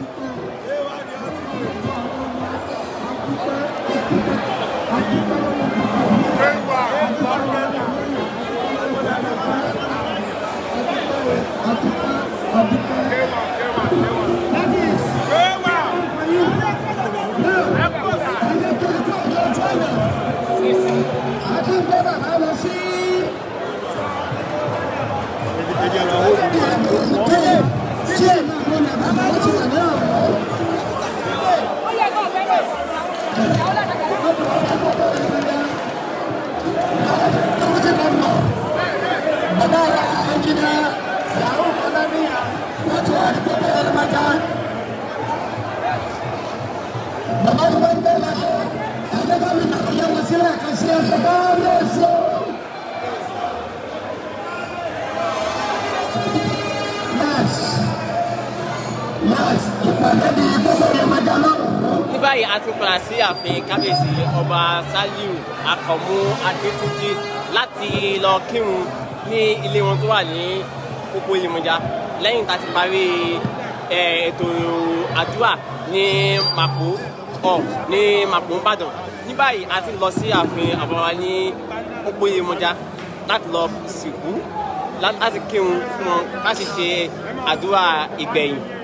Thank mm-hmm. you. ní báyìí a ti padà sí ààfin kábíyèsí ọba Sàlíù Àkànmú Adétúnjì láti lọ kírun ní ilé wọn tó wà ní pópó Yemọja lẹ́yìn tá a ti parí ètò àdúrà ní Màpó ọ̀ ní Màpó Ìbàdàn ní báyìí a ti lọ sí ààfin àbáwá ní pópó Yemọja láti lọ sìnkú láti kírun fún wọn láti ṣe àdúrà ìgbẹ̀yìn.